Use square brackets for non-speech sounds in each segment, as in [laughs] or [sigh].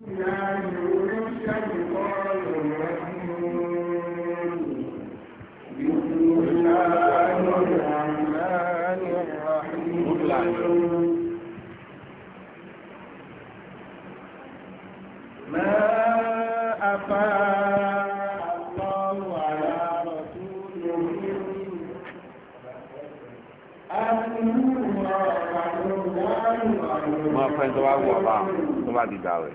máa fẹ́ tó bá wù ọ́ bá tó bá ti dà rẹ̀.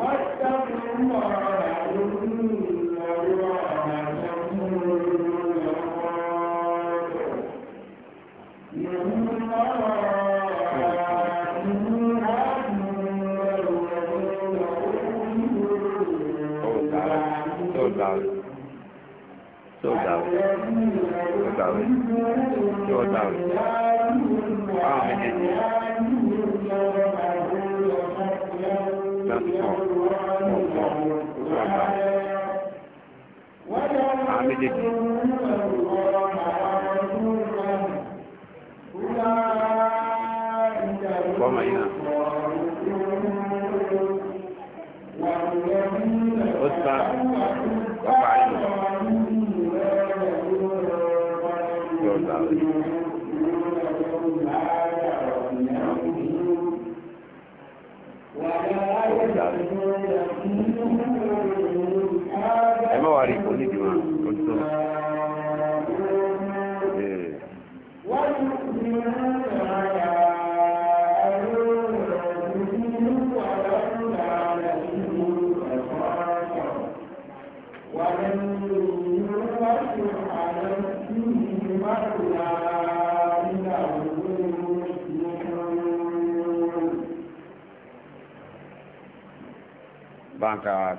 tí ó dáhùn tí ó dáhùn. Àwọn méjèèjì.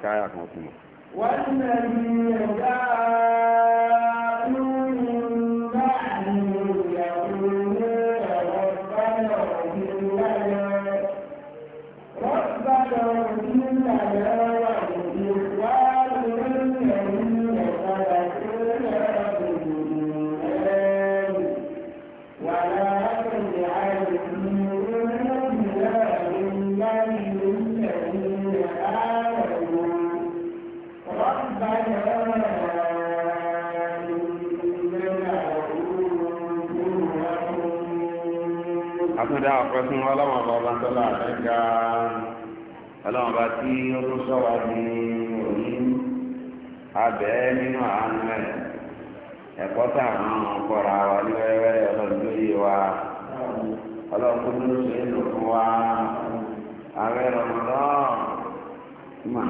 干呀，什么？tún dá ọ̀pẹ́ fún ọlọ́run ọba ọba tọ́lá rẹ̀ ga ọlọ́run ọba tí ó tún sọ́wọ́ di òní abẹ́ nínú àánú ẹ̀ ẹ̀kọ́ tá à ń kọ́ra wa ní wẹ́wẹ́ ọlọ́run tó yé wa ọlọ́run tó tún ṣe é lò fún wa ààrẹ rọmọdán mà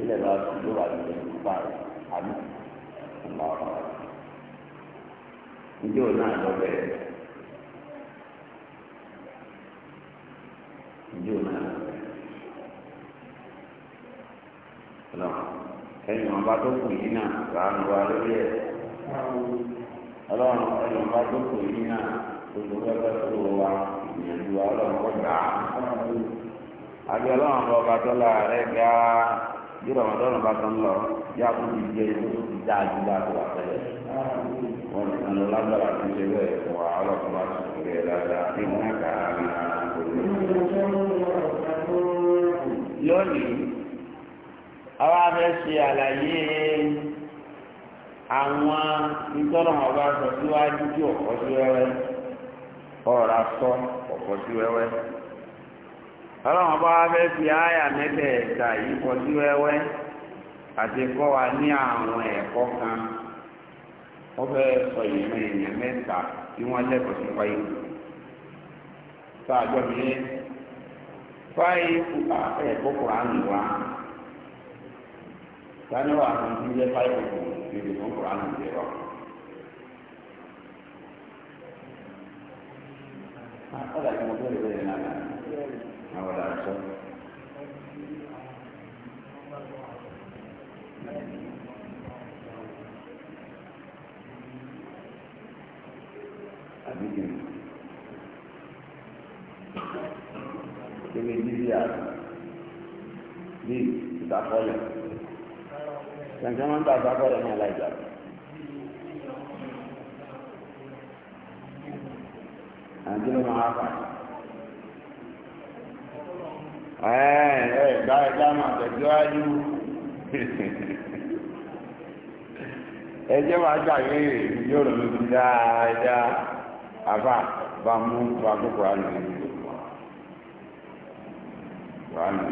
ilẹ̀ bá ti ló wà lórí ìgbà rẹ̀ àbí ọ̀la ọ̀la ìjọ náà lọ bẹ̀rẹ̀. lọ ẹni wọn bá tó kù yìí náà láàánú wa lórí ẹ ọlọ́run ẹni wọn bá tó kù yìí náà olùkọ́ ẹgbẹ́ tó wa ìyẹ̀dù wa ọlọ́run kọ́ gbà á. àbí ọlọ́run bá ọba tó la rẹ̀ gá bí ọmọdọ́rùn bá tó ń lọ yá kó jẹ ikú ti dáa ju bá tó wà tẹ́lẹ̀. wọ́n ti sàn lágbára tó ṣe bẹ́ẹ̀ fún wa bá tó ṣe bẹ́ẹ̀ dáadáa ní ìlú náà kàá ní àná lónìí. àwọn afẹ́ ṣe àlàyé àwọn ìtọ́nà ọba sọ síwájú tí ọ̀pọ̀ sí wẹ́wẹ́ ọ̀rọ̀ sọ ọ̀pọ̀ sí wẹ́wẹ́ ọlọ́run ọba afẹ́ àyà mẹ́tẹ̀ẹ̀ta yìí pọ̀ sí wẹ́wẹ́ àti kọ́ wa ní àwọn ẹ̀kọ́ kan wọ́n fẹ́ sọ mẹ́ta tí wọ́n lẹ́kọ̀ọ́ sani wa kan ah, ti yẹ fáyọ kò lè fún kuran lè rọ. ọ̀dà tí mo tó lè bẹ̀rẹ̀ náà náà wọ́n dáa sọ. àbí kìí kébé jíjí àná bíi ìdákọ́lẹ̀ kẹ̀kẹ́ máa ń tà sábọ̀rọ̀ náà láìjà. àti ló máa fà. ẹ ẹ gbá ẹgbá máa tẹ̀síwájú. ẹjẹ́ máa ṣàgbé yóò lọ lóbi dáadáa àbá bá mú bá kókó àná ìlú. Wàhálà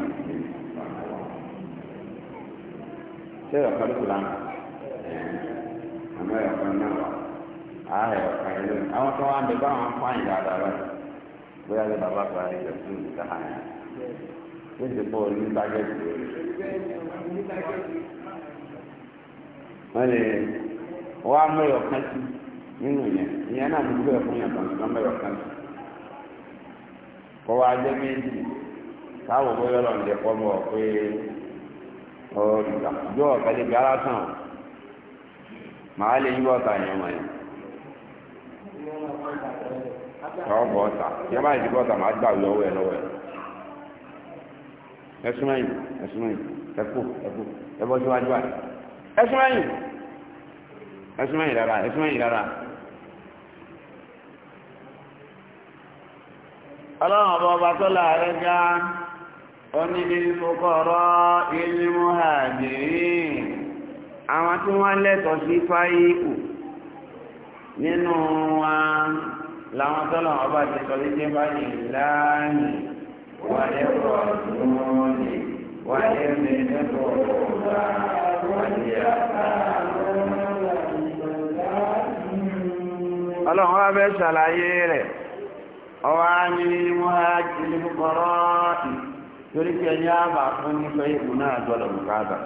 ṣé ọ̀kan ló kù lánàá àmọ́ ọ̀kan náà wà á ẹ̀ ọ̀kan yẹn lónìí bóyá fún ti ní wọ́n nínú yẹn náà yẹn kọ́ wa jẹ́ méjì bóyá jẹ́ kọ́ pé. ọ̀rìgbà yóò ọ̀kẹ́ lè gbé ara tàn ọ́ màá lè yíwọ́ ọ̀tà yẹn wọ̀nyí. ọ̀ bọ̀ ọ̀tà yẹn bá yẹ kí ọ̀tà máa gbà lọ́wọ́ ẹ lọ́wọ́ ẹ. ẹsùn ẹ̀yìn ẹsùn ẹ̀yìn ẹkú ẹkú ẹbọ síwájú wa ẹsùn ẹ̀yìn ẹsùn oní ìfòkọ̀rọ̀ ilé muhajirin àwọn tí wọ́n lẹ́tọ̀ sí fáyíkù nínú wọn láwọn tọ́lọ̀ ọba ti sọ wípé báyìí láàyè wà lẹ́kọ̀ọ́ lónìí wà lẹ́mẹ̀ lẹ́kọ̀ọ́ lọ́wọ́ wà ní ọlọ́run wá bẹ́ ṣàlàyé rẹ̀ ọwọ́ torí pé ẹni àbà fún ní sọ ìbò náà gbọ́dọ̀ bùkátà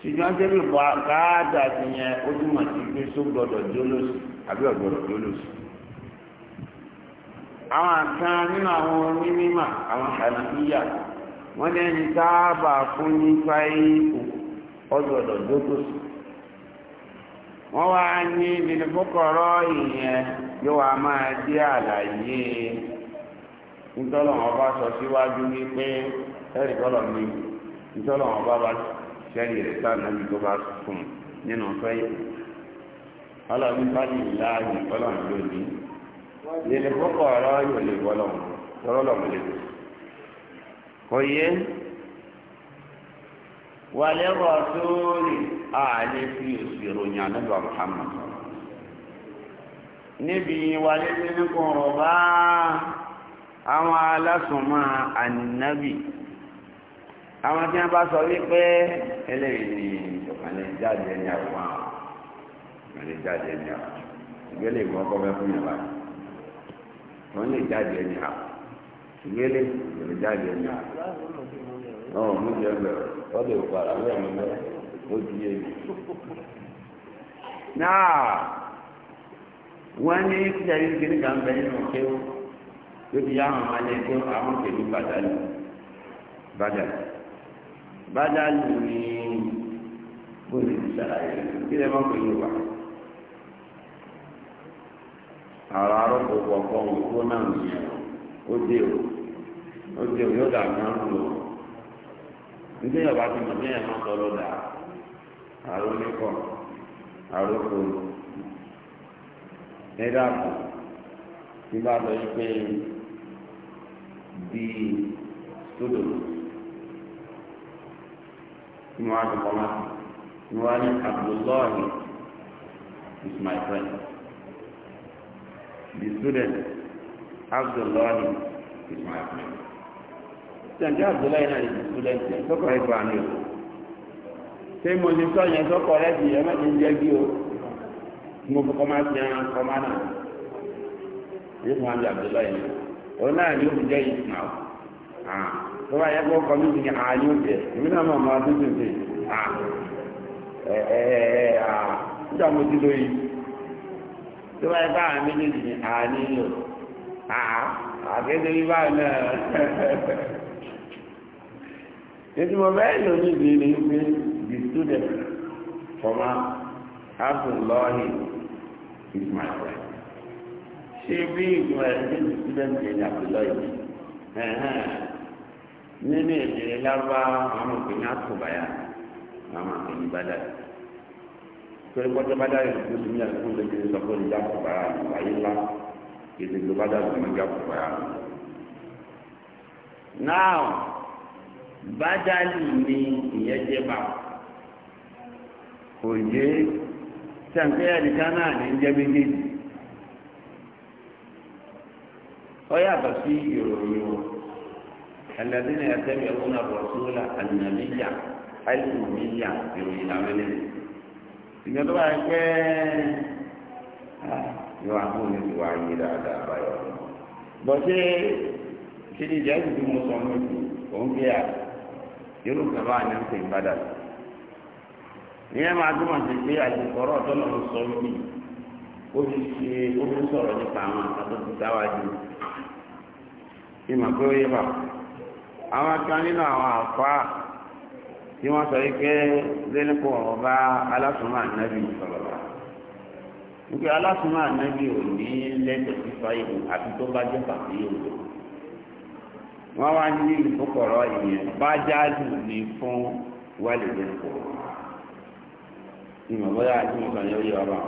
ṣùgbọ́n débi bùkátà ti yẹn ó túmọ̀ sí pé só jólóṣì àbí jólóṣì àwọn kan nínú àwọn onímọ̀ àwọn kànáfíyà wọ́n ní ẹni sábà fún ní fáìlì ọgbọ̀dọ̀ jókòsì wọ́n wá ní nínú fúkọ̀rọ̀ ìyẹn yóò wá máa jẹ́ àlàyé nítorí àwọn ọba sọ síwájú ní pé ẹ̀rí kọ́lọ̀ ní nítorí àwọn ọba bá sẹ́rí rẹ̀ sáà náà tó bá fún nínú fẹ́yìn ọlọ́run bá ní ìlàjì ọlọ́run lónìí lèlè pọ́pọ̀ ọ̀rọ̀ yóò lè wọ́lọ́run tọ́rọ́ lọ́run lè kò yé wà lẹ́rọ̀ sórí ààlẹ́ fi òsì ìròyìn ànábà Muhammad níbi wà lẹ́sẹ̀ nípa ọ̀rọ̀ báà àwọn alásùnmọ́ ànábì àwọn tí wọ́n bá sọ wípé eléyìí ni ìjọkànlẹ̀ jáde ní àwọn àwọn ìjọkànlẹ̀ jáde ní àwọn ìgbélé ìwọ ọkọ fẹ́ fún yàrá wọn lè jáde ní àwọn ìgbélé ìgbélé jáde ní àwọn ọ̀hún mú jẹ́ bẹ̀rẹ̀ wọ́n lè padà wọ́n lè mọ́ ó di yé mi. náà wọ́n ní kíkẹ́ yìí kí ní kà ń bẹ nínú kéwù. lóbi yá àwọn alẹ́jọ́ àwọn pẹ̀lú bàdálù bàdálù bàdálù ni bóyá ti ṣàlàyé kí lè má pè é àrà arọ́pò òkú náà nìyẹn ó dé o ó dé o yóò dà kán lò ó nígbà yàrá ti mọ̀ ní ẹ̀rọ tọ́lọ́ dà àrò oníkọ̀ àrò kòrò ẹ̀dá kù di sodo ni wọn ti kọ́má ní abdullahi is my friend the student abdullahi is my friend abdullahi náà student yẹn o ṣé mo ti sọ yẹn jẹ́ bí o mo fi kọ́má abdullahi ona náà ni ó ti jẹ́ ìsìnàwó ah, tó bá yẹ kó kọ́ mi ti ní àní òkè èmi náà mọ̀ eh eh ah nígbà mo ti lóyún tó bá yẹ bá àwọn méjèèjì ní àní lò ah, àkéde bí báyìí náà [laughs] ètò mo bẹ́ẹ̀ lò ní ìdí ni pé the student from Abdullahi is my friend. ṣe bí ìgbìmọ̀ ẹ̀ ní ìsídẹ́ǹtì ẹ̀yìn àbúlọ́ yìí nínú èdè lábá àwọn òkèèyàn àtúbàyà àwọn àkèèyàn bàdà torí pọ́jọ́ bàdà yìí ló ti ní àdúgbò lókè sọ pé ìjà àtúbàyà àyè ńlá èdè ló bàdà ló ní ìjà àtúbàyà. now bàdàlì ni ìyẹn jẹ́ bá òye sàǹkẹ́yà nìkan náà ní jẹ́ méjèèjì. ọ yàtọ̀ sí ìròyìn o ẹlẹ́dínlẹ́ ẹ̀sẹ̀ mi ọ̀hún náà bọ̀ sóòlà ànàmíyà àìsùnmíyà ìròyìn làwọn eléyìí ìgbà tó bá yẹ pé yọ àwọn oníṣòwò ayé dáadáa báyọ̀ bọ̀ ṣé ṣe ní ìjà ìdí mo sọ ní ìlú òun gbé à yóò kàn bá àyàn pè ń padà ìyẹn máa túmọ̀ sí pé àjẹkọ̀rọ̀ ọ̀tọ́ lọ́run sọ wípé ó ti ṣe ó fi sọ̀rọ̀ nípa àwọn àtọ́tù táwájú ìmọ̀ pé ó yé bà àwọn kan nínú àwọn àfáà tí wọ́n sọ wípé lẹ́nìkọ̀ ọba alásùnmọ̀ ànábì sọ̀rọ̀ wípé alásùnmọ̀ ànábì ò ní lẹ́tọ̀ fífa ìlú àti tó bá jẹ́ pàtó yóò lò wọ́n wá ní ìfúkọ̀rọ̀ ìyẹn bá jáde ní fún wálé lẹ́nìkọ̀ ìmọ̀ bóyá tí mo sọ yẹn ó yé ọba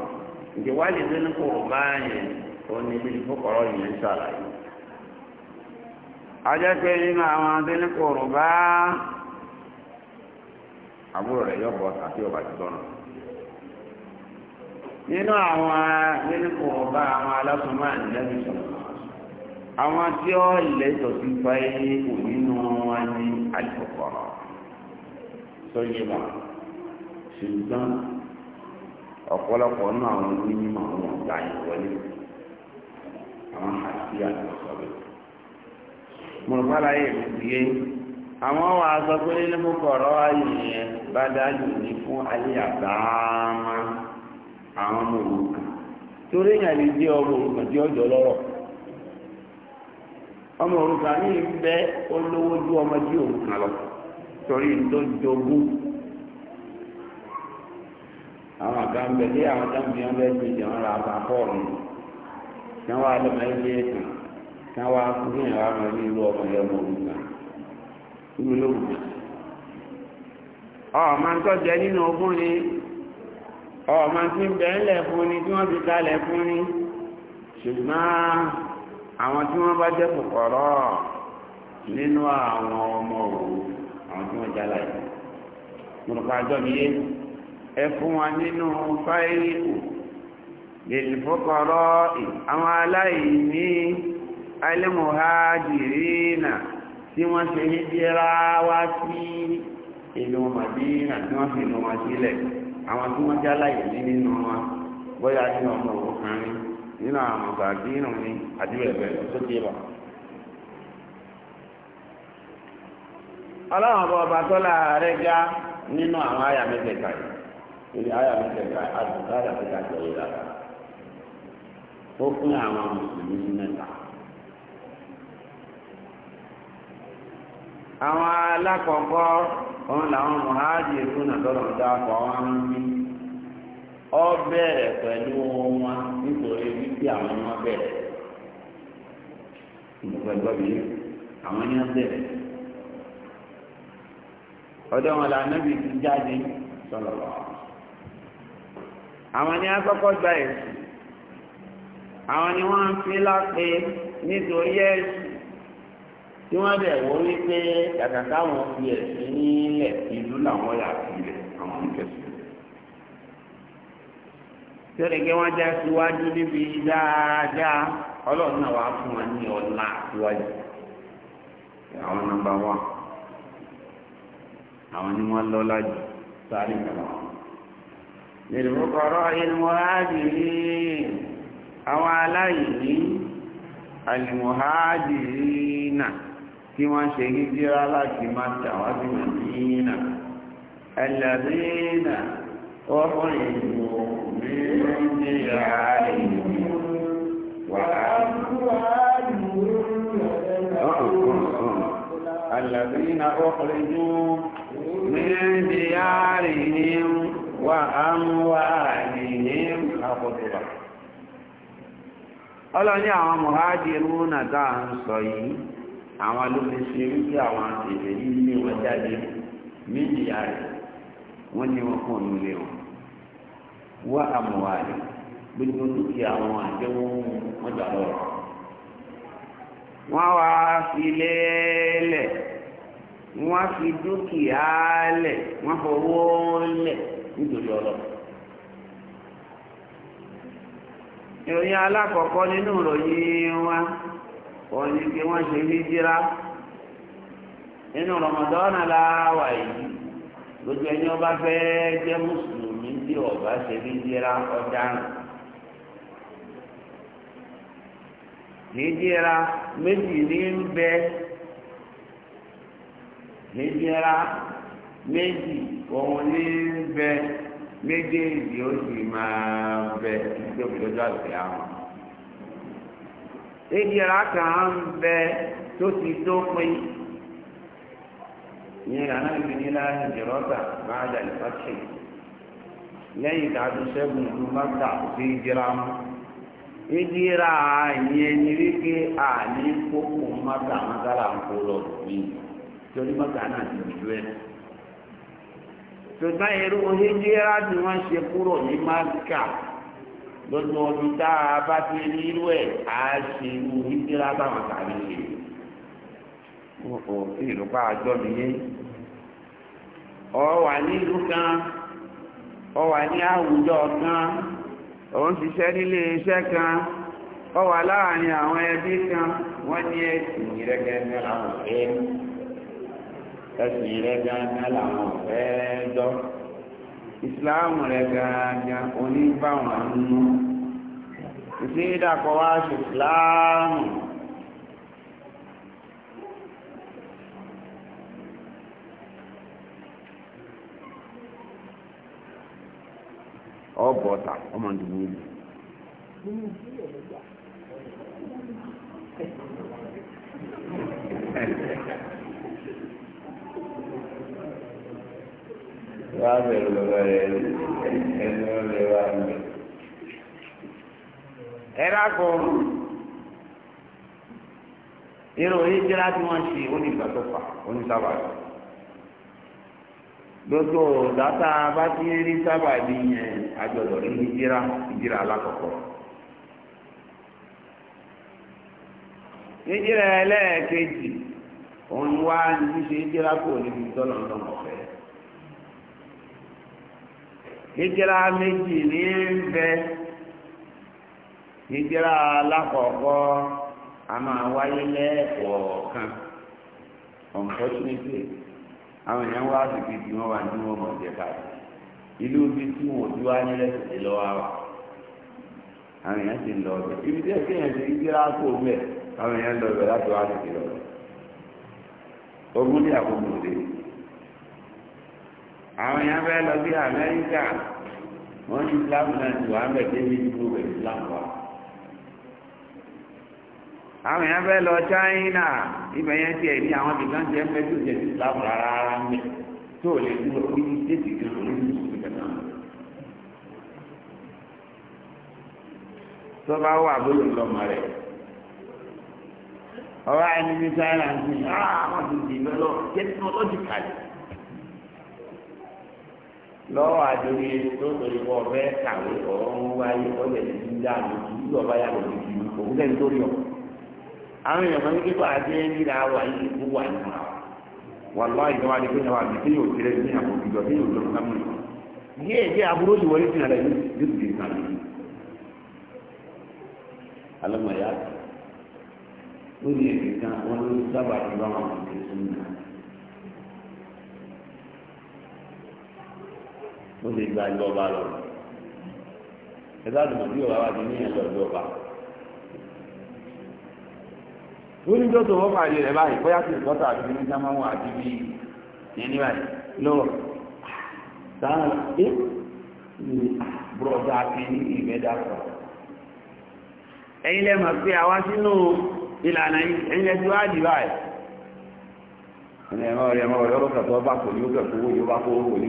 ìdíwálé lẹ́nìkọ̀ ọba yẹn ò ní ìfúkọ̀rọ̀ ìyẹn sàlàyé. ajẹ́ pé nínú àwọn adínkòrò bá àbúrò rẹ̀ yọ̀ àti ọba ti tọ́nà nínú àwọn adínkòrò bá àwọn alásùnmọ́ àdìlẹ́bí sọ̀rọ̀ àwọn tí ó mọ̀lúfàlà yìí ló fi yé àwọn wà sọ pé nínú kọ̀ọ̀rọ̀ bá dájú ní fún ayé a àwọn ọmọ òrukàn torí èèyàn lè jẹ́ ọmọ òrukàn tí ọjọ́ lọ́rọ̀ ọmọ òrukàn ní olówó ọmọ tí òrukàn lọ torí tó jogún àwọn àgbà àwọn kí wọ́n wá fún yẹn wá máa ní irú ọmọ yẹn mọ̀ nígbà irú lóògùn. ọ̀ọ́mà ń tọ́jẹ nínú ogún ni ọ̀ọ́mà ti ń bẹ̀ ńlẹ̀ fún ni tí wọ́n ti kalẹ̀ fún ni ṣùgbọ́n àwọn tí wọ́n bá jẹ́ kòkòrò nínú àwọn ọmọ òru àwọn tí wọ́n jálà yìí mọ̀lùkọ́ àjọ mi yé ẹ fún wa nínú fáìlì lè fọ́kọ̀rọ̀ àwọn aláìní alimuhajirina tí wọ́n ṣe hijira wá sí ìlú Madina tí wọ́n fi ìlú wọn sílẹ̀ àwọn tí wọ́n já láyè ní nínú wọn bóyá ní ọmọ òkùnrin nínú àwọn ọgbàdínù ni àdúrẹ̀bẹ̀ tó dé bá. ọlọ́run ọba ọba tó láàárẹ̀ já nínú àwọn àyà àyà àdùnkà àyà ó fún àwọn mùsùlùmí mẹ́ta. àwọn alákọ̀ọ́kọ́ òun làwọn mọ̀hájìrú náà tọ́lọ̀ dáàbò àwọn amúnmí ọ bẹ̀rẹ̀ pẹ̀lú wọn nítorí wípé àwọn ọmọ bẹ̀rẹ̀ nígbà gbọ́bí àwọn ní bẹ̀rẹ̀ ọ̀dọ̀ wọn là nẹ́bí ti jáde sọ̀rọ̀ lọ àwọn ní gba àwọn ni tí wọ́n bẹ̀ wọ́n rí pé kàkà káwọn fi ẹ̀sìn nílẹ̀ ìlú làwọn yà fi rẹ̀ àwọn ìkẹsì. tẹ́lẹ̀ kí wọ́n já síwájú níbi dáadáa ọlọ́run náà wàá fún wọn ní ọ̀la síwájú. àwọn nọ́mbà wà àwọn ni wọ́n lọ lájú sáré wọn. àwọn aláìní náà. tí wọ́n ṣe hijira láti Mákà wá sí Mẹdínà ẹlẹ́dínà ọkùn ìlú méjìlá ìlú ọlọ́ni àwọn mọ̀hájì rúnà dáa ń sọ yìí àwọn alóòlù ṣe wípé àwọn àtẹ̀lẹ̀ yìí ní wọn jáde méjì ààrẹ wọn ní wọn kàn nílé wọn wá àmúwárẹ gbogbo dúkìá wọn àjẹwò wọn jà lọ. wọn wá fi lẹ́lẹ̀ wọn fi dúkìá lẹ̀ wọn fọwọ́ lẹ̀ nítorí ọlọ́pàá. ìròyìn alákọ̀ọ́kọ́ nínú ìròyìn wọn òun ni kí wọ́n ṣe hijira nínú rọmọdọ́nà láwà yìí gbogbo ẹni ọba fẹ́ jẹ́ mùsùlùmí tí ọba ṣe hijira ọ̀daràn. hijira méjì ní ń bẹ hijira méjì òun ní ń bẹ méjèèjì ó sì máa bẹ títí òbí lọ́jọ́ àgbẹ̀ àwọn. ìdíra kan ń bẹ tó ti dópin ní ìlànà niile ìjìrọ́ta máa jà ìfàṣẹ lẹ́yìn ìdájú sẹ́gun ìlú mọ́ta sí ìdíra mọ́ ìdíra ìyẹn ni wípé a kókò mọ́ta mọ́tàlá ń kó torí mọ́ta náà ti tí ṣe kúrò ní lójú ọdún tá a bá ti rí irú ẹ̀ á ṣe irú ìdíra táwọn tàbí ṣe. Ó sì rò pa àjọ mi yé. Ọ wà ní ìlú kan, ọ wà ní àwùjọ kan, ọ ń ṣiṣẹ́ nílé iṣẹ́ kan, ọ wà láàárín àwọn ẹbí kan, wọ́n ní ẹ̀sìn ìrẹ́gẹ́gẹ́ làwọn ọ̀fẹ́ ẹ̀sìn ìrẹ́gẹ́gẹ́ làwọn ọ̀fẹ́ ẹ̀dọ́. ìsìláàmù rẹ̀ gàgà oníbàwọn àánú ìsí ìdàkọ̀ ṣe ìsìláàmù ọ̀bọ̀ta ọmọ Thank you. wá bẹ̀rù bàbá rẹ̀ ẹni wọn lè wá mi. ẹ dákọ̀ irun ìjìlá tí wọ́n ṣe onígbàtọ́fà gbogbo dátà bá ti rí sábàbí yẹn àjọ̀dọ̀ rí ìjìlá ìjìlá alákọ̀ọ́kọ́. ẹlẹ́ẹ̀kejì òun wá ní ṣe kò hijira méjì ní bẹ hijira alákọ̀ọ́kọ́ a máa wáyé lẹ́ẹ̀kọ̀ọ̀kan unfortunately àwọn èèyàn wá sí ibi tí wọ́n wà ní wọn mọ̀ jẹ́ káàkiri ìlú ibi tí wa àwọn èèyàn ti ń lọ ibi tí ẹ̀sìn yẹn ti hijira kó bẹ̀ àwọn èèyàn lọ ọbẹ̀ láti wá sí ogun ní àkókò àwọn èèyàn fẹ́ lọ wọ́n ní islam náà ti wà mẹ́ débi ìlú islam wa. àwọn èèyàn fẹ́ lọ China ibẹ̀ yẹn tiẹ̀ ní àwọn ibìkan jẹ́ mẹ́tò islam rárá rárá mẹ́ tó lè dúró kí ní tètè kan lórí ìṣòro kẹta. tó bá wà bóyá ń lọ mọ lọ́wọ́ àdórí tó torí wọ́n fẹ́ kàwé ọ̀rọ̀ ń wáyé ọ̀lẹ̀ ní dídá lójú ìlú ọ̀bá yà lójú ìlú òun lẹ́nu tó rí ọ. àwọn èèyàn kan ní kíkọ́ àti ẹni ra wà yìí kú wà nù. wà lọ́ ìjọba ni pé àwọn àbí tí yóò ní àwọn òbíjọ tí yóò mú un. díẹ̀ díẹ̀ aburú ti wọlé sí àlẹ́ yìí alọ́mọ ya lórí èdè kan wọn ló sábà ti bá wọn kò tẹ̀sán náà ó lè gba ìlú ọba lọ ẹ bá dùn ọba wa ti ní ìlú ọba ó ní tó tó wọ́n pàdé rẹ̀ báyìí bóyá sì gbọ́tà àti ní àti bí báyìí sáà ẹ àti ní ẹ̀yin sínú ìlànà ẹ̀yin wá dì báyìí ẹ̀yin rẹ̀ mọ̀ bá kò ní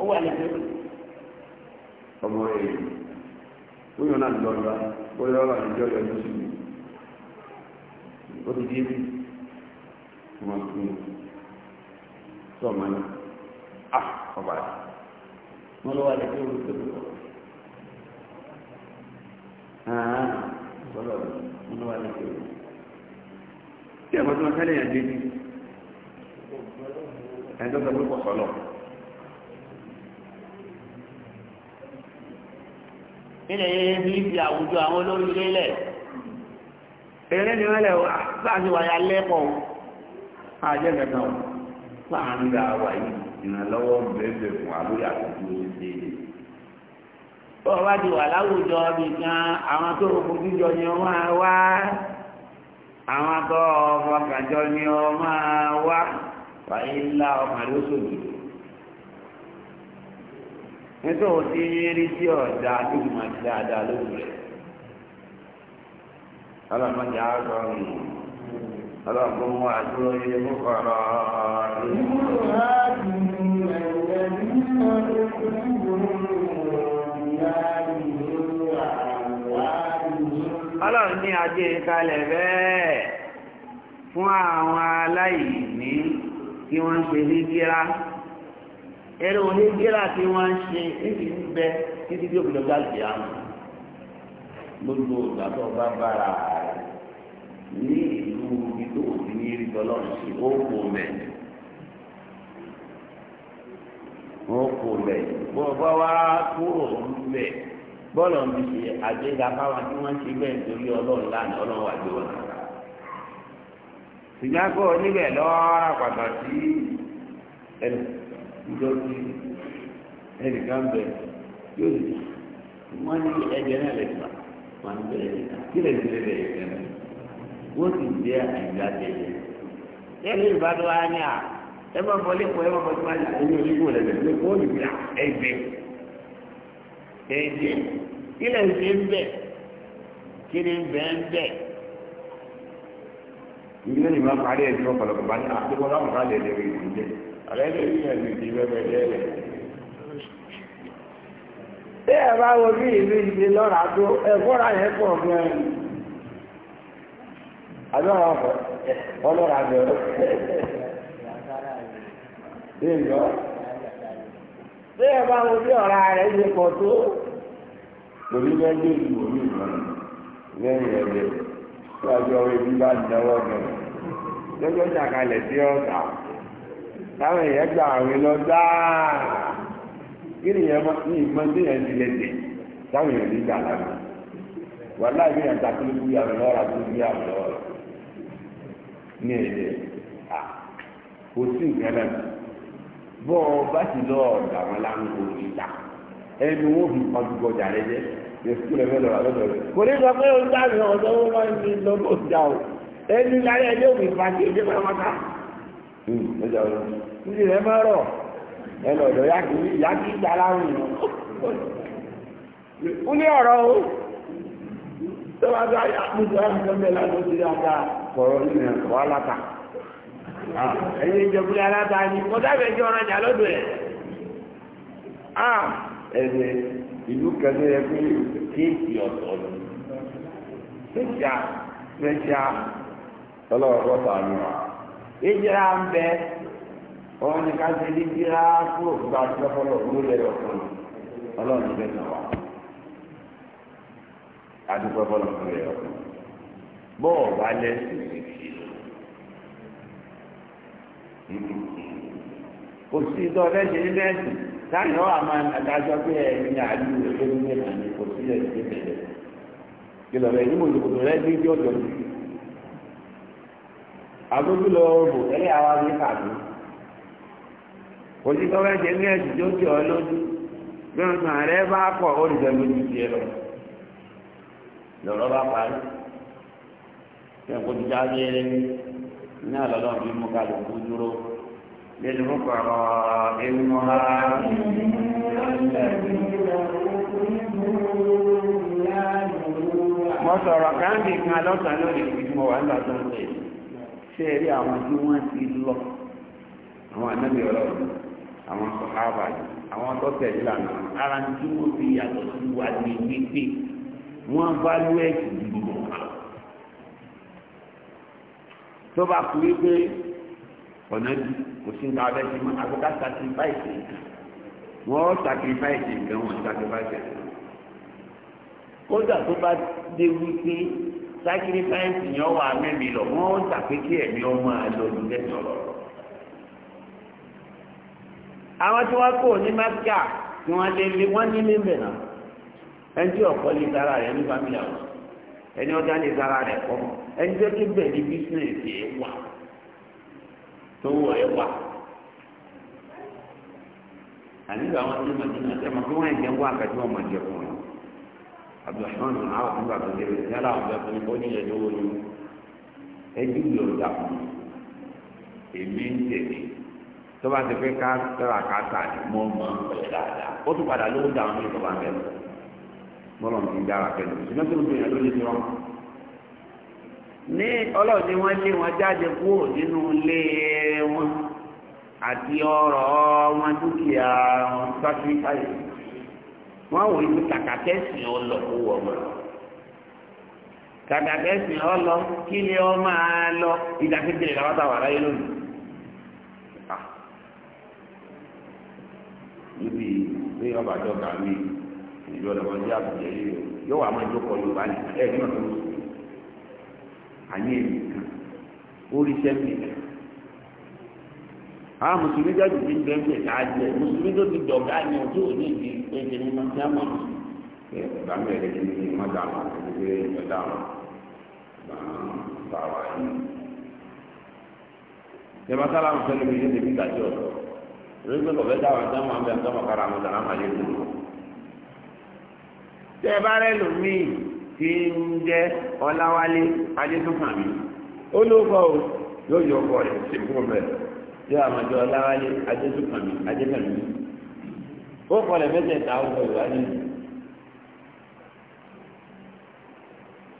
ó wà lẹ́gbẹ́ ọmọ rẹ̀ yìí ó yàn náà lọ́la ó lọ́la ìjọ yọ lóṣù mi ó ti dé bí ọmọ fún un sọ ma ní à ọba rẹ̀ wọ́n lọ́wọ́ lẹ́gbẹ́ olùkọ́ tó lọ. Sọlọ wọn lọ́wọ́ lẹ́gbẹ́ olùkọ́. Kí ẹ̀fọ́ tí wọ́n sálẹ̀ yẹn dé bí? Ẹ̀dọ́gbẹ́ ló pọ̀ sọlọ. ilẹ̀ yẹn bí ibi àwùjọ àwọn olórí ilé lẹ̀ èrè ni wọ́n lẹ̀ láti wáyà lẹ́pọ̀ àjẹ́ kẹta wọn láàrin ra wà yìí ìrànlọ́wọ́ bẹ̀rẹ̀ fún àlóyà tuntun ó ti dé bọ́ọ̀ bá ti wà láwùjọ nìkan àwọn tó fojú jọ ni wọ́n máa wá àwọn tó ọmọ wá wáyé ńlá ọmọ àlóṣòdì nítorí òun ti ń rí sí ọ̀dà tó máa ti dáadáa lójú rẹ̀ ọlọ́mọdé á sọ ọ́nù ọlọ́gbọ́n wa yẹ mú kọ̀ọ̀rọ̀ ọlọ́run ní ajé kalẹ̀ bẹ́ẹ̀ fún àwọn aláìní kí wọ́n ń pè ní kíra. ẹ̀rọ onígbéra tí wọ́n ń ṣe níbi ń bẹ títí bí òkúta gbàgbé àmọ́ gbogbo ìgbà tó bá bára ní ìlú ibi tó ti ní rí tọ́lọ́run sí ó mẹ́ ó mẹ́ bọ́ bá kúrò mẹ́ bọ́ọ̀lù ń ṣe àgbéga fáwọn tí wọ́n ṣe bẹ́ẹ̀ nítorí ọlọ́run lánàá ọlọ́run wà gbé wọn níbẹ̀ lọ́ọ́ àpàtàkì ẹnu. ìjọ tí ẹnìkan bẹ yóò lè wọ́n ní ẹ̀jẹ̀ náà lè fà wọ́n bẹ̀rẹ̀ nìkan kí lè ti lè lè ẹ̀jẹ̀ náà wọ́n sì jẹ́ àìgbà jẹjẹ. ẹni ìbádọ́ wa ní à ẹ máa bọ lẹ́kọ̀ọ́ ẹ máa bọ tí wọ́n á ní onígbò lẹ́lẹ̀ pé kó gbà ẹ̀jẹ̀ ẹ̀jẹ̀ kí lè ṣe ń bẹ̀ kí ni bẹ̀ ń bẹ̀ ìdílé máa parí ẹ̀jẹ̀ ọ̀pọ̀lọpọ̀ bá ní àtúkọ̀ láwọn lè lè rí ìdílé. àlẹ́lẹ́ ìlú ẹ̀mí ti wẹ́wẹ́ lẹ́rẹ̀ tí ẹ bá wo bí ìlú ìdí lọ́ra tó ẹ̀fọ́ra yẹn pọ̀ gan-an àdúrà ọlọ́ra bí ìlú tí ẹ bá wo bí ọ̀ra rẹ̀ ṣe pọ̀ tó lórí lẹ́jọ́ ìlú omi ìlú lẹ́yìn ẹ̀dẹ̀ tí ọjọ́ orí bá ń dáwọ́ gan táwọn èèyàn gba àwìn lọ dáa kí ní ìmọ̀ tí yẹn ti lè dè táwọn èèyàn ní gbà lára wà láì ní ìyàtà tó lè búyà lọ ní èdè à kò sí nǹkan náà bọ́ ọ bá ti lọ ọ̀dà wọn ẹni wọn fi rẹ jẹ yẹsùkú rẹ rẹ kò ní sọ pé ń dáhùn Hmm, lọ́jà ọ̀rọ̀ níbi rẹ̀ máa rọ̀ ẹ lọ ọ̀dọ̀ yáàkì ìjà láwùn ó ní ọ̀rọ̀ o tó bá bá àpùtù àpùtù láti kọ̀rọ̀ nínú ẹ̀kọ́ aláta ẹ̀yẹ ìjọba ni ọ̀rọ̀ ìjà lọ́dọ̀ ẹ̀ ìlú ọ̀tọ̀ ni wà. ìjìrà ń bẹ òun ni ká ṣe ní jíra kúrò gba ìjọpọlọ lórí ẹ̀rọ fún ọlọ́run ìgbẹ́ náà wà adúgbò fọlọ́ fún ẹ̀rọ fún bọ́ọ̀ bá lẹ́sìn ìrìkì ìrìkì kò sí ìtọ́ lẹ́sìn ní lẹ́sìn sáyẹn wà máa ń adájọ́ pé ẹ̀mí àdúgbò ẹgbẹ́ ní ẹ̀ka ni kò sí ẹ̀sìn ìbẹ̀rẹ̀ kí lọ́rọ̀ ẹ̀yìn mòlùkùn rẹ̀ ní ìdí ọ̀dọ́ yìí. agbójú lọ rò ebe àwa ní kàdé òsì tó fẹ́ ṣe ní ẹ̀sìn tó ti ọ lójú bí wọn sàn rẹ bá pọ̀ ó lè fẹ́ lójú tiẹ̀ lọ lọ́rọ́ bá parí ṣe kó ti dájú ní àlọ́lọ́ bí mo ká lè kú dúró mo sọ̀rọ̀ ṣe rí àwọn tí wọ́n ti lọ àwọn ànábì ọlọ́run àwọn sọ̀hábà àwọn tọ́tẹ̀ ìlànà ara ní tí wọ́n fi yàtọ̀ sí wa ní wípé wọ́n bá lú ẹ̀sìn dìbò mọ́ká tó bá kú wípé ọ̀nà kò sí nǹkan abẹ́ sí máa àgbẹ̀ká sacrifice wọ́n sacrifice nǹkan wọ́n sacrifice kódà tó bá dé wípé sacrifice yẹn wà mẹ́mi lọ wọn ń tàkékè ẹ̀mí ọmọ àlọ́ olùdẹ́sọ̀ lọ. àwọn tí wọ́n kò ní mákà tí wọ́n lé lé wọ́n ní lé náà ẹni tí ọ̀kọ́ lè sára rẹ̀ ní family house ẹni ọjà lè sára rẹ̀ kọ́ ẹni tó ti bẹ̀ ní business yẹn wà tó wọ̀ ẹ́ wà. àníbi àwọn tí ti abdulrahman awo nígbà tó dé yálà ọ̀gá tó ní kó ní ìyẹn lówó ni ẹjú yóò dà fún mi èmi ń tẹ̀lé tó bá ti fẹ́ ká tẹ̀ra ká tà ní mọ́ mọ́ pẹ̀lú dáadáa ó tún padà lówó dà wọn ní ìjọba ń bẹ̀rẹ̀ mọ́lọ̀ ti dára pẹ̀lú ṣùgbọ́n tó ń gbìyànjú ló lè fi wọn. wọ́n lé wọn jáde kúrò nínú ilé wọn àti ọrọ̀ wọn dúkìá wọn sáfíkáyìí wọ́n á wò ó kàkàtẹ́sì ọlọ kó wọ̀ mọ́ kàkàtẹ́sì ọlọ kí ni ọ máa lọ ìdákejì rẹ̀ làwọn táwọn aráyé lónìí. níbi ní ọbàjọ́ kàwé ìlú ọ̀dọ̀mọ̀ jẹ́ àbùjẹ́ yìí yóò wà máa jókòó yorùbá nìkan ẹ̀ ní ọ̀dọ́ mùsùlùmí àyè nìkan oríṣẹ́ nìkan àwọn mùsùlùmí jáde ti ń bẹ ẹgbẹ ká jẹ mùsùlùmí tó ti dọ̀gá ni ojú òní ti pé kiri máa já mọ́ ẹ̀ẹ́dá mi ẹ̀rẹ́ kiri ni má dáhùn àtẹ̀lé ẹ̀dá wọn bá wà yìí. ìjọba sára ń sẹ́nu mi lédè nígbà tí ọ̀dọ́ orí pé kọ̀ọ̀fẹ́ dáhùn ẹ̀dá wọn bẹ àtọ́mọ kára mọ́ dáná máa yé mi. tẹ́ ẹ bá rẹ́ lòmíì ti ń jẹ́ ọláwálé adétúnkàmí ó ló kọ́ yóò yọ ọkọ rẹ̀ ṣèkú mẹ́rin yóò àmàjọ ọláwálé adétúkànmí adétúkànmí ó kọlẹ̀ mẹ́tẹ̀ẹ̀ta ó kọ ìwà nínú.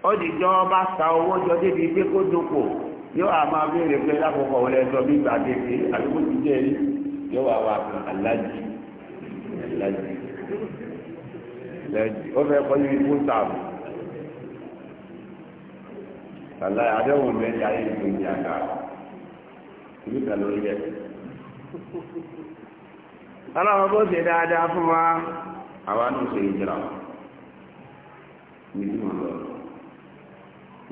ọdìjọ́ bá sa owó jọ débi pé kó dóko yóò àmà béèrè pé lákòókò wọlé ẹjọ́ bí gbà kéèké àdúgbò ti jẹ́ rí yóò wà wà kan aláàjì aláàjì lẹ́jì ó fẹ́ kọ́ níbi fún tààbù aláàjì mẹ́ta yìí ló ń jà ìlú lórí rẹ̀. ọlọ́run bó ṣe dáadáa fún wa àwa ṣe ìjìrà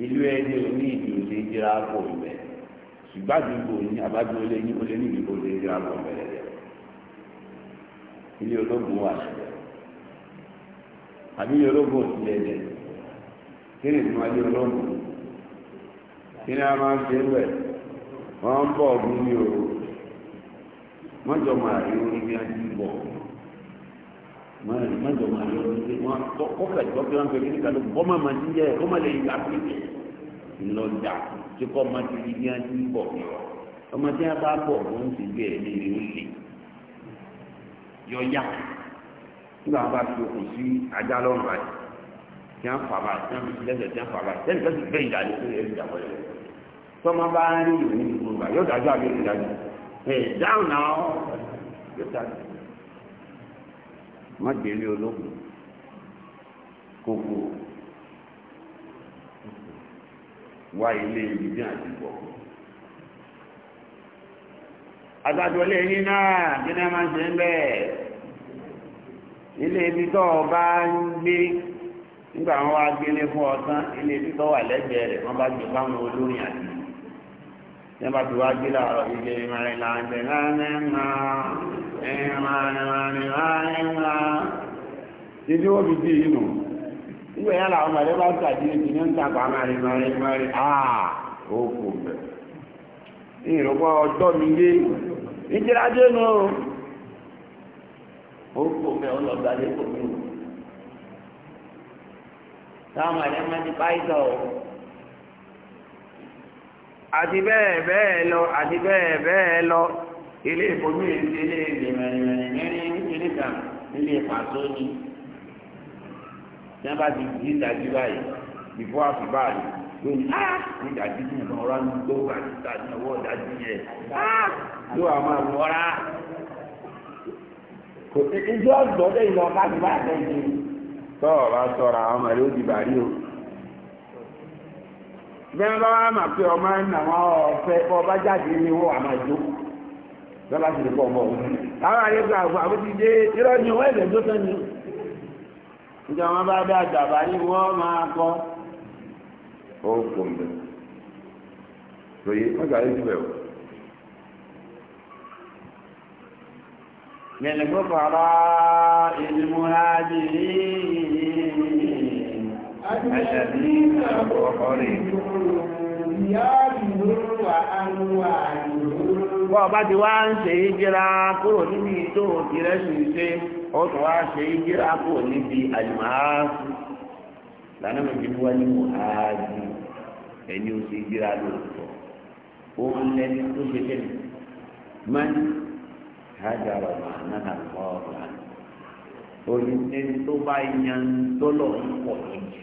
ìlú ẹni ṣe ìjìrà pọ̀ mẹ́ ní àbájú olé ní olé ní ṣe ìjìrà pọ̀ rẹ̀ ilé ológun wà àbí ilé ológun ò dẹ̀ kí ni ológun wọ́n ń bọ̀ ọ̀gbun ní o mọ́jọ́mọ́ àríwá ibi ají bọ̀ mọ́jọ́mọ́ àríwá ibi wọ́n kọ́kẹ́ tó kí wọ́n fẹ́ kíkà ló bọ́ máa máa jíjẹ́ kó má lè yí àpè ìlọ́jà tí kò má ti ibi ají bọ̀ ọmọ tí a bá bọ̀ wọ́n ti gbé ẹ̀ ní ìlú lè yọ yá nígbà wọn bá fi okùn sí ajá lọ́rùn báyìí tí wọ́n fà báyìí tí wọ́n fi lẹ́sẹ̀ tí wọ́n fà báyìí tẹ́lifíṣẹ̀ bẹ́ẹ̀ ìdálé tó yẹ ìdàgbọ́ yẹn. tọ́mọ bá ń rí ìròyìn gbogbo yóò dájú àbí yóò dájú ẹ̀ dáhùn náà yóò dájú má délé ológun kókó wá ilé ìdí àti bọ̀ adájọ́ ní náà kí náà máa ń ṣe ń bẹ́ẹ̀ ilé ibi tó o bá fún ilé ibi tó wà lẹ́gbẹ̀ẹ́ rẹ̀ wọ́n bá gbé fáwọn olórin nígbà tí wá jí láàárọ̀ ilé ìmọ̀rin láńjẹ lánàá ìmọ̀rin lánàá títí ó fi dí inú nígbà yálà ọmọ rẹ bá tàbí ètò ní ń tàbá mọ̀rin mọ̀rin mọ̀rin àà ó kò bẹ̀. ìrọ̀pọ̀ ọjọ́ mi yé ìjìlájé nù ó kò bẹ̀ ọlọ́gbàdé kò mí. táwọn àlẹ́ máa ti bá àti bẹ́ẹ̀ bẹ́ẹ̀ lọ àti bẹ́ẹ̀ bẹ́ẹ̀ lọ ilé ìfojú ilé èdè mẹ́rin ilé kan ilé pàṣọ ni tí wọ́n bá ti di ìdájú báyìí bìfọ́ àfìbá rẹ̀ lónìí áá ní ah, ìdájú tí nǹkan ọ̀rá ń gbó àtìta ní ọwọ́ ìdájú yẹn áá ló wà máa wọ ọ́rá. kò tètè jọ́ gbọ́dọ̀ ìlọ bá ti bá àtẹ̀jẹ́ bẹ́ẹ̀ ma wá pé ọmọ ọ̀fẹ́ kọ́ ọba jáde ní owó àmàjò lọ́la ti pọ̀ mọ́ òun. àwọn àyẹ̀kọ́ àgbà àbó ti dé irọ́ ni wọ́n ẹ̀dẹ̀ tó wọn bá ní wọ́n máa kọ́ ó kò mẹ́. lóye wọ́n gbà الذين أخرجوا Bọ́ ọba ti wá ń ṣe ìjíra kúrò níbi tó ti rẹ́sù ṣe, ó tún wá ṣe ìjíra kúrò níbi àjùmáàsù. Lànà mi fi wá ní Mùháàjì, ẹni ó ṣe ìjíra lóòótọ́. Ó ń lẹ́ni tó ṣe rọ̀ máa náà tó bá yan tó ń pọ̀ lójì.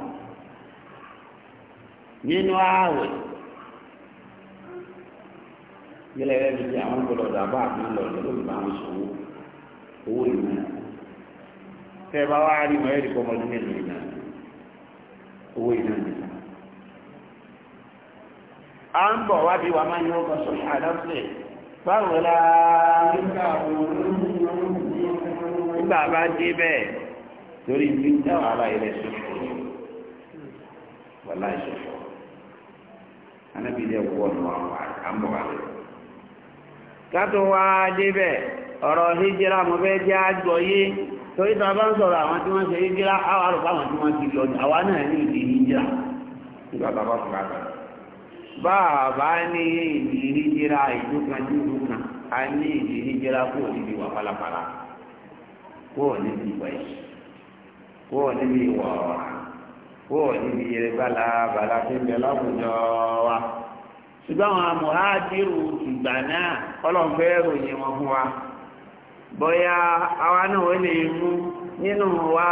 nínú ààwẹ̀ yẹlẹ yẹlẹ bíi àwọn gbọ́dọ̀ dàbọ àbí lọlẹ lórí bá wọn sọwọ owó ìlú tẹ bá wá rí wọn ẹrí kọ́ ọmọdún mélòó ìlú náà owó ìlú náà à ń bọ̀ wá bí wàá máa ń yọ ọkọ̀ sọ̀rọ̀ àdáfẹ́ báwo la nígbà bá dé bẹ́ẹ̀ torí ìlú ń dá wàhálà ilẹ̀ sọ̀rọ̀ wàhálà ìṣòfò. anábì dẹ̀ wọ̀ ní wọn wà àmọ́ wà lẹ̀. kátó wá débẹ̀ hijira mo fẹ́ jẹ́ àgbọ̀yé torí tí wọ́n bá ń sọ̀rọ̀ àwọn tí wọ́n hijira àwọn àrùkọ àwọn tí wọ́n ti lọ hijira a bá fún hijira kan kan ṣùgbọ́n àwọn amòhájírù ìgbà náà ọlọ́fẹ́ ròyìn wọn fún wa bóyá àwa náà ó lè mú nínú wa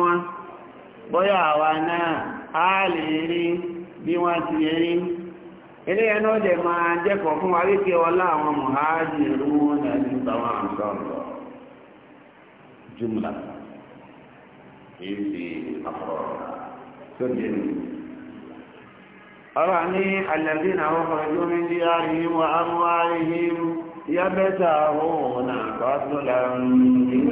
wọn Bọya awa náà a lè rí bí wọ́n ti rí ilé ẹ̀nà ma máa jẹ́kọ̀ọ́ fún wa wípé ọlá àwọn tó jẹ́ nìyí أرعني الذين أخرجوا من ديارهم وأموالهم يبتغون فضلا من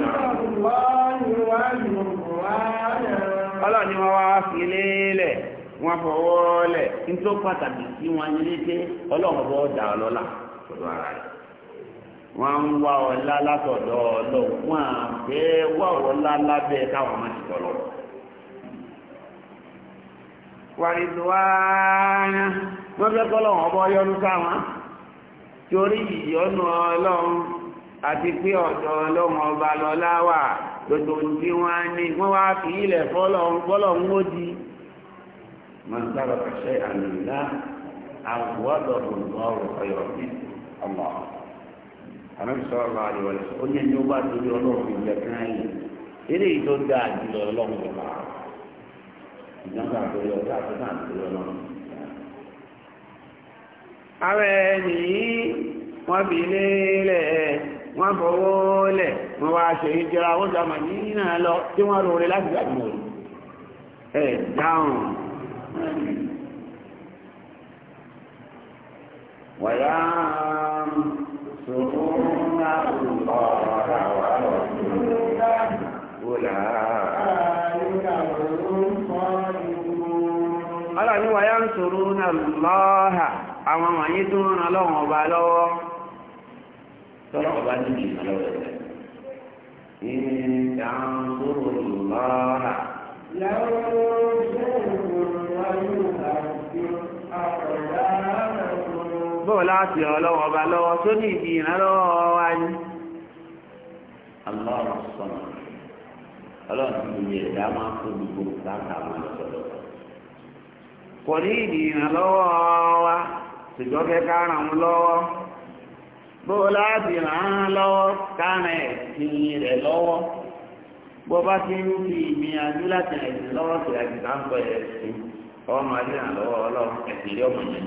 wọ́n fọwọ́ lẹ̀ ní tó pàtàkì sí wọn ní lété ọlọ́run bọ́ dà pẹ̀lú ara rẹ̀ wọ́n ń wá ọlá látọ̀dọ̀ wọ́n wá ọlá lábẹ́ káwọn máa ti wàrìdùwáyá wọ́n fẹ́ kọ́lọ̀wọ̀n ọbọ̀ yọnu sáwọn torí ìyọnu ọlọ́run àti pé ọ̀dọ̀ ọlọ́run ọba lọ́láwà gbogbo tí wọ́n á ní wọ́n wá fi ilẹ̀ fọ́lọ̀run fọ́lọ̀run ó di mọ̀tàrọ̀ kàṣẹ àmìlá àwọ̀dọ̀ ọ̀rọ̀ ọ̀yọ̀ ọmọ àmì sọ̀rọ̀ àdìwọ̀lẹ̀ ó ní ẹni ó bá torí ọlọ́run ìjẹ̀kan yìí eré ìtọ́jú àdìlọ̀ ìjọba àtòrí ọjọ́ àtúntà àtòrí ọlọ́run. Àwọn ẹni yìí wọ́n fi lélẹ̀ wọ́n fọwọ́ lẹ̀ wọ́n wá ṣe ìjọra wọ́n jọ àmà ní náà lọ tí wọ́n rọrẹ láti gbàgbé mọ̀ dáhùn. Wàyá sọ̀rọ̀ náà lọ́wọ́ àwọn ọ̀rọ̀ lọ́ha àwọn wọ̀nyí tó ń ran lọ́wọ́ ọba lọ́wọ́ tọ́lọ́ ọba ní ìrànlọ́wọ́ ẹ̀ ìdáǹkúrò lọ́ha. bọ́ọ̀ láti ọlọ́wọ́ ọba lọ́wọ́ tó ní ìdí ìrànlọ́wọ́ wa ní. Allah sọ̀rọ̀ ọlọ́run ti yẹ máa kó gbogbo láǹkà àwọn kò ní ìdìyàn lọ́wọ́ wa ṣùgbọ́n fẹ́ kára wọn lọ́wọ́ bó láti ràn lọ́wọ́ kára ẹ̀sìn rẹ̀ lọ́wọ́ bó bá ti ń fi ìgbìyànjú láti ẹ̀sìn lọ́wọ́ sí àgbà ẹ̀sìn ọmọ adéhàn lọ́wọ́ ọlọ́run ẹ̀sìn ilé ọmọ yẹn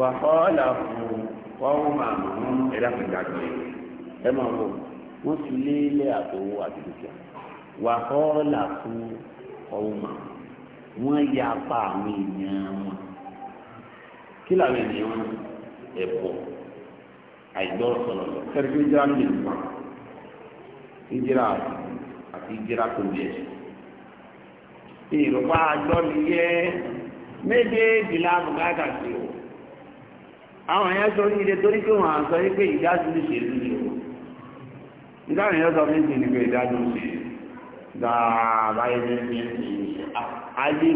wà kọ́ọ̀là fún wọ́n máa mú ẹ̀dá fìgbà gbé ẹ máa wò wọ́n ti lé ilé àtòwò àti dúkìá wà kọ́ọ̀là fún ọ̀hún máa wọ́n ya apá àwọn èèyàn wọn kí làwọn ènìyàn wọn ẹ̀bọ̀ àìgbọ́rọ̀ sọ̀rọ̀ lọ kẹ́rìkì ìjìrá ń lè wà ìjìrá àti ìjìrá tó lè ẹ̀sùn ìrùpá àjọ nìyẹn méjèèjì láàbùkátà sí o àwọn èèyàn sọ ní ilé torí pé wọ́n sọ wípé ìdájú ní ṣèlú ni o ìdáhùn yẹn sọ fún mi ní pé ìdájú ṣe dáàbáyé ní ní ayéwo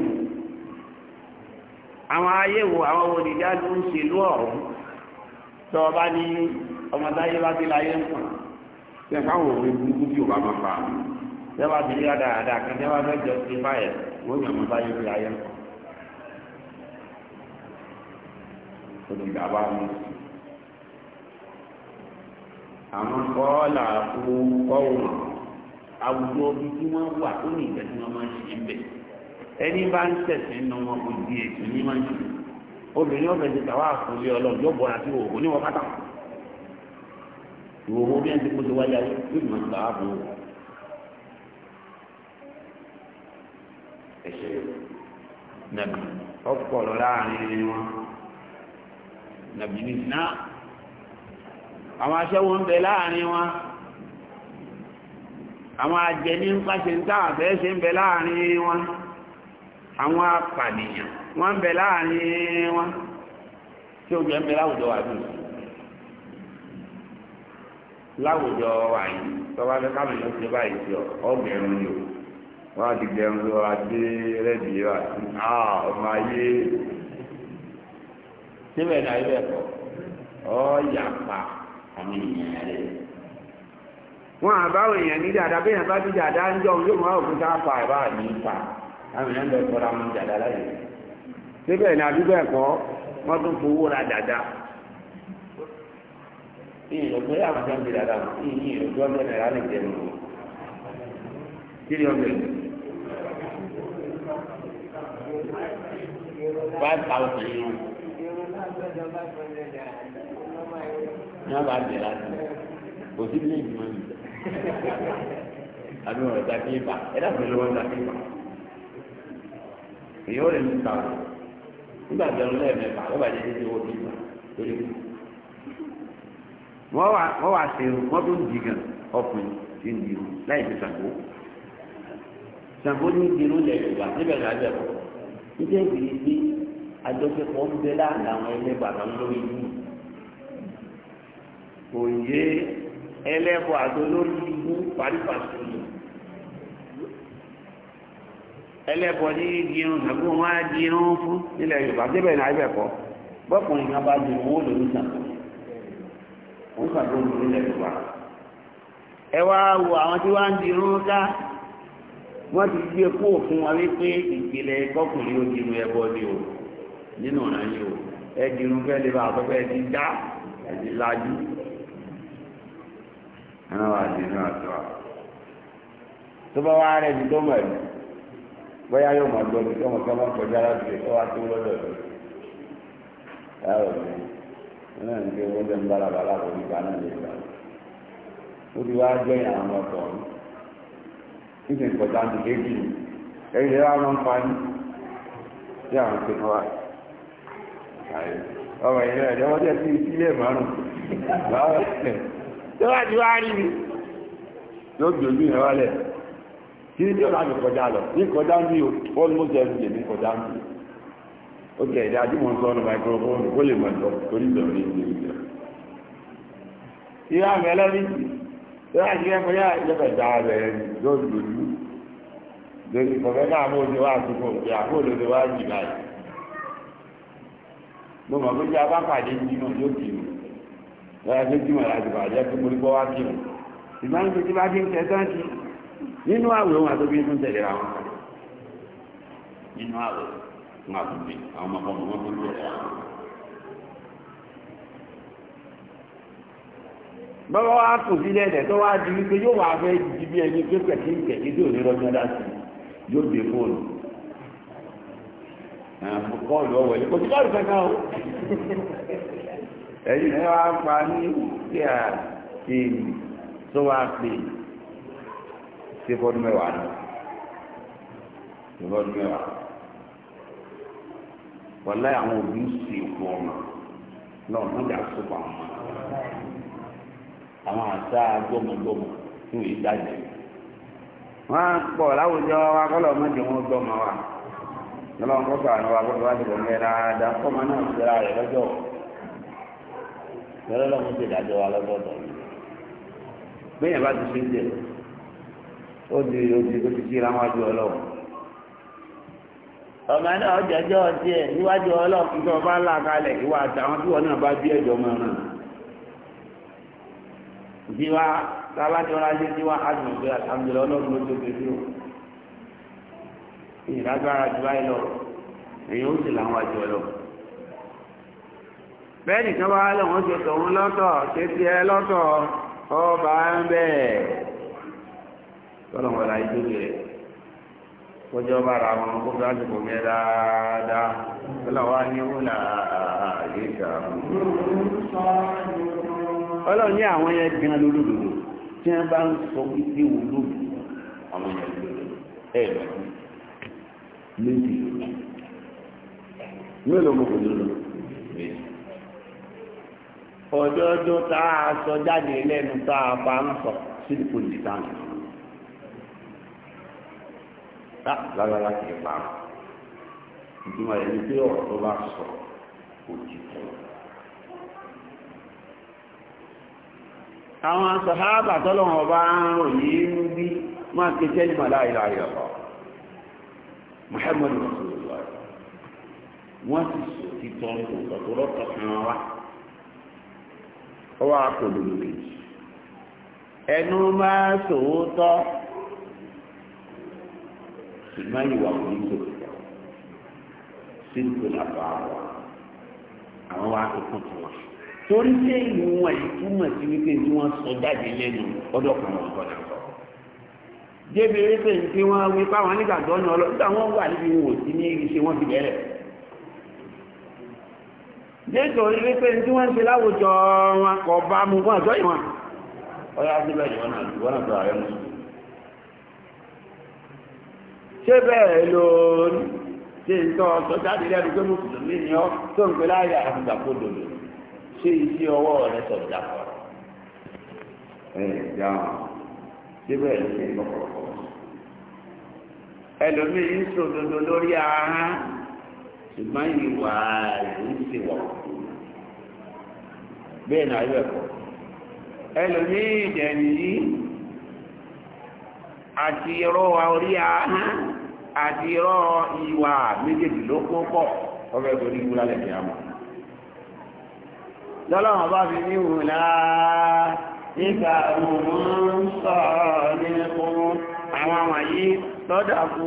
àwọn ayéwo àwọn wo ní ìdájú ń ṣe lú ọ̀rọ̀ tó ọba ní ọmọ táyé bá ti láyé ń pọ̀n ṣe káwọn olùgbàwà mi àwọn kọ́ọ̀là kó kọ́wọ̀n àwùjọ ibi tí wọ́n wà tó ní ìgbẹ́ tí wọ́n máa ń ṣe ń bẹ̀ ẹni bá ń tẹ̀sí nínú wọn kò di èsì ní máa ń ṣe obìnrin ọ̀bẹ ti tàwa àfọlé ọlọ́run yóò bọ̀ra sí òwò ní wọn pátá ìwòwò bí ẹni tí kò ti wáyé ayé yóò máa gbà á bò ó ẹ̀ṣẹ̀ nàbì ọ̀pọ̀ lọ láàrin wọn. na náà àwọn aṣẹ́wó ń bẹ láàrin wọn àwọn ajẹni ń pàṣẹ ń táà bẹ́ẹ̀ ṣe ń bẹ láàrin wọn àwọn apànìyàn wọ́n bẹ láàrin wọn tí ó jẹ́ láwùjọ wà bí láwùjọ wà fẹ́ ọgbẹ̀rún wọ́n ti gbẹ̀rún lọ́wọ́ adé rẹ́dìí rà síbẹ̀ náà na kọ́ ọ́ yàpá àwọn èèyàn rẹ̀. wọn àbáwọ̀ èèyàn ní bí èèyàn bá ti ń jọ yóò máa òkúta pa wọn láyé. síbẹ̀ náà kọ́ wọ́n tún fowó ra ń kí ni ní wọn bá jẹ láti kò sí ilé ìgbìmọ̀ yìí àbí wọn ta kí ibà ẹ dàbí lọ́wọ́ ta kí ibà èyí ó lè ní ìgbà wọn nígbà tí wọn lẹ́yìn mẹ́fà ó bàjẹ́ títí owó kí ibà lórí kù. wọ́n wá wọ́n wá ṣe wọ́n tó ń di gan ọkùnrin tí ń di láì fi ṣàgbó ṣàgbó ní ìdí irú lẹ̀ yorùbá níbẹ̀ lábẹ́ ọ̀pọ̀ níjẹ́ ìdí àjọṣepọ̀ ń bẹ láàrin àwọn ẹlẹ́bọ̀ àtàlórí ìlú kò yé ẹlẹ́bọ̀ àtàlórí ìlú parípaṣọ yìí ẹlẹ́bọ̀ ní gírun tàbí wọn á gírun fún nílẹ̀ Yorùbá débẹ̀ ní àìbẹ̀kọ́ bọ́kùnrin kan bá gírun owó lòún sàn ó sàn tó ń lu nílẹ̀ Yorùbá ẹ wá wo àwọn tí wọ́n á gírun ká wọ́n ti gbé kó fún wa wípé ìpìlẹ̀ kọkùnrin ó gírun ẹbọ ni o nínú ọ̀nà yìí o ẹ̀dì irun fẹ́ lè bá àtọ́fẹ́ ẹ̀dì já ẹ̀dì lájú ẹ̀nà wà sí inú àtọ́ tó bá wá rẹ̀ ti tó mọ̀ ẹ̀dì bóyá yóò mọ̀ gbọ́ tó mọ̀ kí wọ́n kọjá láti lè kọ́ wá tó lọ́dọ̀ rẹ̀ ẹ̀rọ mi ẹ̀nà ní pé wọ́n jẹ́ ń bára bàlá kò ní ìgbàna lè gbà ó ti wá jẹ́ àwọn ọkọ̀ nígbà ìkọjá ti dé jù ẹ̀yìn lè wá wọn fa ní tí àwọn ti kọ́ wáyé. ọmọ ìrìn àjọ wọ́n jẹ́ sí ìsílẹ̀ márùn-ún tó wà ní wá rí mi yóò gbé ojú ìrìn wálẹ̀ kí ní ọ̀la mi kọjá lọ ní kọjá ń bí o bọ́ọ̀lù mọ́tò ẹ̀rù ní kọjá o kẹ̀ ẹ̀dá microphone kó lè mọ̀ lọ torí ìdọ̀rọ̀ ní ìlú ìlú ìyá mi ẹlẹ́rìí tó wà ní ẹ̀kọ́ yá ìjọba ìdá rẹ̀ yóò gbé ojú lórí mo mọ̀ pé jẹ́ abápàdé jímọ̀ yóò kìrù lọ́yà tó jímọ̀ láti bàjẹ́ tó mórí bọ́ wá kìrù ìgbà ń gbé tí bá fi ń tẹ tán sí nínú àwẹ̀ wọn àti obìnrin tó ń tẹ̀lé ra wọn nínú àwẹ̀ wọn àti obìnrin àwọn ọmọ ọmọ wọn tó ń tẹ̀lé ra wọn. bọ́bá wa kù sílẹ̀ ẹ̀dẹ̀ tó wá di wípé yóò wá fẹ́ di bí ẹni pé pẹ̀sí ń tẹ̀lé tó ní rọ́jọ́ dá sí yóò dé fóònù bọ́ọ̀lù ọwọ̀ ilé tí bọ́ọ̀lù kankan o ẹ̀yìn ẹ̀ wá pa ní kí a ti tó wá pè sí fọ́dún mẹ́wàá náà fọ́dún mẹ́wàá wọ́n àwọn òbí ń sè ọmọ náà wọ́n jà sọ́pọ̀ àwọn ọmọ àwọn àṣà gbọ́mọgbọ́mọ fún ìdájẹ́ wọ́n pọ̀ láwùjọ wa kọ́lọ̀ mọ́jọ wọn gbọ́mọ wa lọ́wọ́n kọ́ sàánú wa gbọ́dọ̀ wá dìbò ńlẹ̀ dáadáa kọ́ máa náà ṣe ra rẹ̀ lọ́jọ́ lọ́dọ̀ lọ́wọ́ ti dájọ́ wa lọ́dọọdọ̀ gbẹ̀yìn bá ti ṣe ń jẹ ó di odi tó ti kíra wájú ọlọ́wọ́ ọmọ náà jẹjọ́ ọtí ẹ̀ níwájú ọlọ́ọ̀kú tó bá là kalẹ̀ ìwà àtàwọn tí wọn náà bá bí ẹ̀jọ̀ mọ́ náà bí tí wọn á ti dúró ìdágbára jù báyìí lọ èyí ó sì làwọn àjọ lọ bẹ́ẹ̀ nìkan wá lọ́wọ́n ṣe tòun lọ́tọ̀ ṣe ti ẹ lọ́tọ̀ ọba ń bẹ́ẹ̀ tọ́lọ̀wọ̀n láì dúró rẹ̀ kọjọ́ bá ra wọn kó bá ti kò mẹ́ dáadáa tọ́lọ̀wọ́ á ní wúlà àyíká ọlọ́run ní àwọn yẹn gan lólódodo tí wọ́n bá ń sọ wípé wò lóbi àwọn yẹn lólódodo ẹ̀ lọ́dún méjì mélòó mo kò lòlò méjì ọjọ́jọ́ tá a sọ jáde lẹ́nu tá a bá ń sọ síbi kò lè tán tá lágbára kì í pa ẹni pé ọ̀rọ̀ tó bá sọ kò àwọn tọ́lọ́wọ́n bá ń muhammadu rasulillah wọ́n ti sọ títọ́ ìtọ́tọ́rọ́ kankan wa ó wà kó lólo kejì ẹnu máa sòótọ́ ṣùgbọ́n ìwà sí wípé tí wọ́n sọ jáde lẹ́nu kan ọ̀gbọ́n débi wípé nǹkan wọn wí páwọn nígbàgbọ́ ní ọlọ́dún àwọn wà níbi wò sí ní iṣẹ́ wọn ti bẹ̀rẹ̀ nítorí wípé tí wọ́n ń ṣe láwùjọ wọn kò bá mu fún àjọ ìwọ̀n ọyá síbẹ̀ ni wọ́n náà wọ́n náà tó ààrẹ mú ṣé bẹ́ẹ̀ ló ṣe ń tọ́ ọ̀sọ́ jáde lẹ́nu pé mùsùlùmí ni ọ́ tó ń pe láàyè àfìgbà kó dòdò ṣé iṣẹ́ ọwọ́ rẹ̀ sọ̀rọ̀ jáfọ́ ẹ̀ dáhùn síbẹ̀ ṣe lọ́pọ̀lọpọ̀ ẹlòmíì ń sòdodo lórí ahọ́n ṣùgbọ́n ìwà rẹ̀ ń sì wọ̀ bẹ́ẹ̀ náà yọ̀ ẹ̀kọ́ ìdẹ̀ni yìí àti irọ́ orí ahọ́n àti irọ́ ìwà méjèèjì ló kó pọ̀ ọbẹ̀ àmọ́ bá fi ní ìwúlá nígbà òun àwọn sọ́dàkú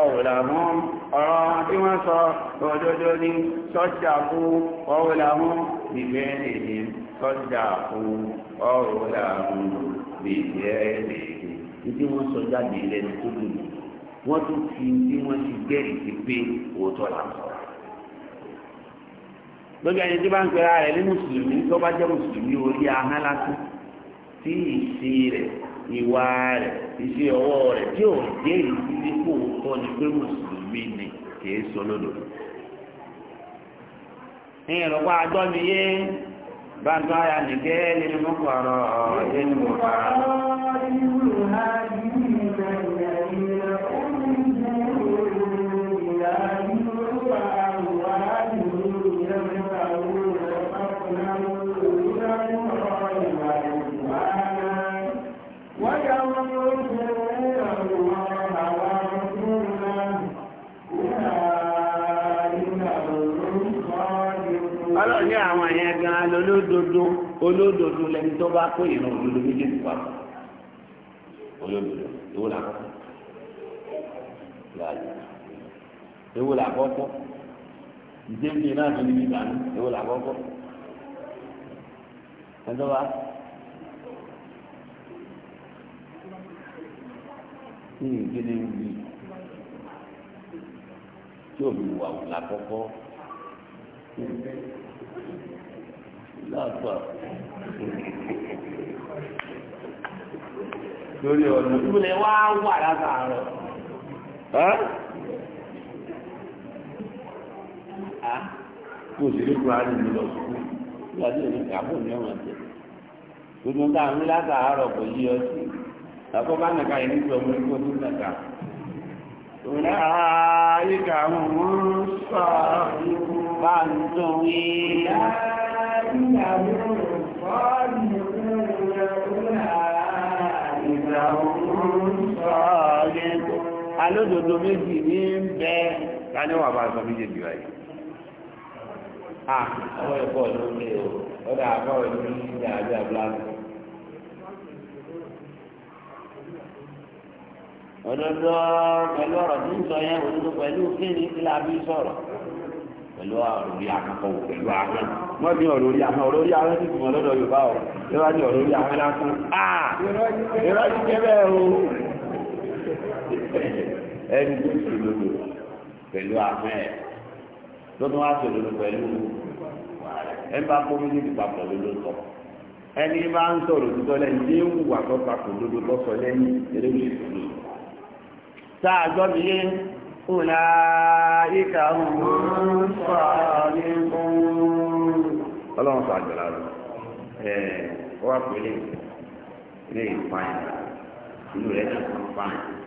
ọ̀wùlàmọ́ ọ̀rọ̀ tí wọ́n sọ òdodo ní sọ́dàkú ọ̀wùlàmọ́ bìbẹ́ èdè sọ́dàkú ọ̀wùlàmọ́ bìbẹ́ èdè ìdí wọ́n sọ jáde lẹ́nu tó dùn wọ́n tún fi bí wọ́n ti gẹ́rì sí pé òótọ́ là ń sọ lójú ẹni tí bá ń pera rẹ̀ ní mùsùlùmí tó bá jẹ́ mùsùlùmí orí ahọ́n lásán tí ìṣe rẹ̀ ìwà rẹ̀ iṣẹ́ ọwọ́ rẹ̀ tí ò jẹ́ ìdílé kó o tọ́ ni pé mùsùlùmí ni kìí sọ lọ́dọ̀. ní ìrọ̀pá àjọ mi yé bàbá ayà nìkẹ́ nínú lódodo olódodo lẹni tó bá kó ìran òdodo méjèèjì pa olódodo ewu la kọ́kọ́ láàyè ewu la kọ́kọ́ ìdébìí náà ló ní bíbá ní ewu la kọ́kọ́ ẹni tó bá. ní ìgbélé wí tí òbí wà lákọ́kọ́ láàpá lórí ọ̀nà ìpínlẹ̀ wá wà látàárọ̀ kò sí lóko àárín mi lọ sùkúl láti ẹni kàbọ ní ọmọ tẹ gbogbo nǹkan àwọn látàárọ̀ kò yí ọ sí àkọ́kọ́ nàka yìí nítorí ọmọ ẹgbẹ́ tó nàka. Ọ̀la ayé kà ń mú sọ̀rọ̀ bá ń tún wí. الذين يصادقون إذا هم alódodo méjì ní ń bẹ láni bá sọ méjèèjì báyìí. Ah, àwọn ẹ̀kọ́ o ní àbí pẹ̀lú ọ̀rọ̀ pẹ̀lú orí akọ̀kọ̀ pẹ̀lú ahọ́n wọ́n ọ̀rọ̀ orí orí Yorùbá ọ̀ lọ́wọ́ ní orí lásán àà ìrọ́jú kẹ́bẹ̀ o ẹni tó sì lòdò pẹ̀lú ahọ́n ẹ̀ tó tún wá sì lòdò pẹ̀lú bá ẹni bá ń sọ̀rọ̀ wà papọ̀ أولئك هم الصادقون ọlọ́run sọ àjọ lára ẹ̀ ọ wá ilé ìpáyà ìlú rẹ̀ náà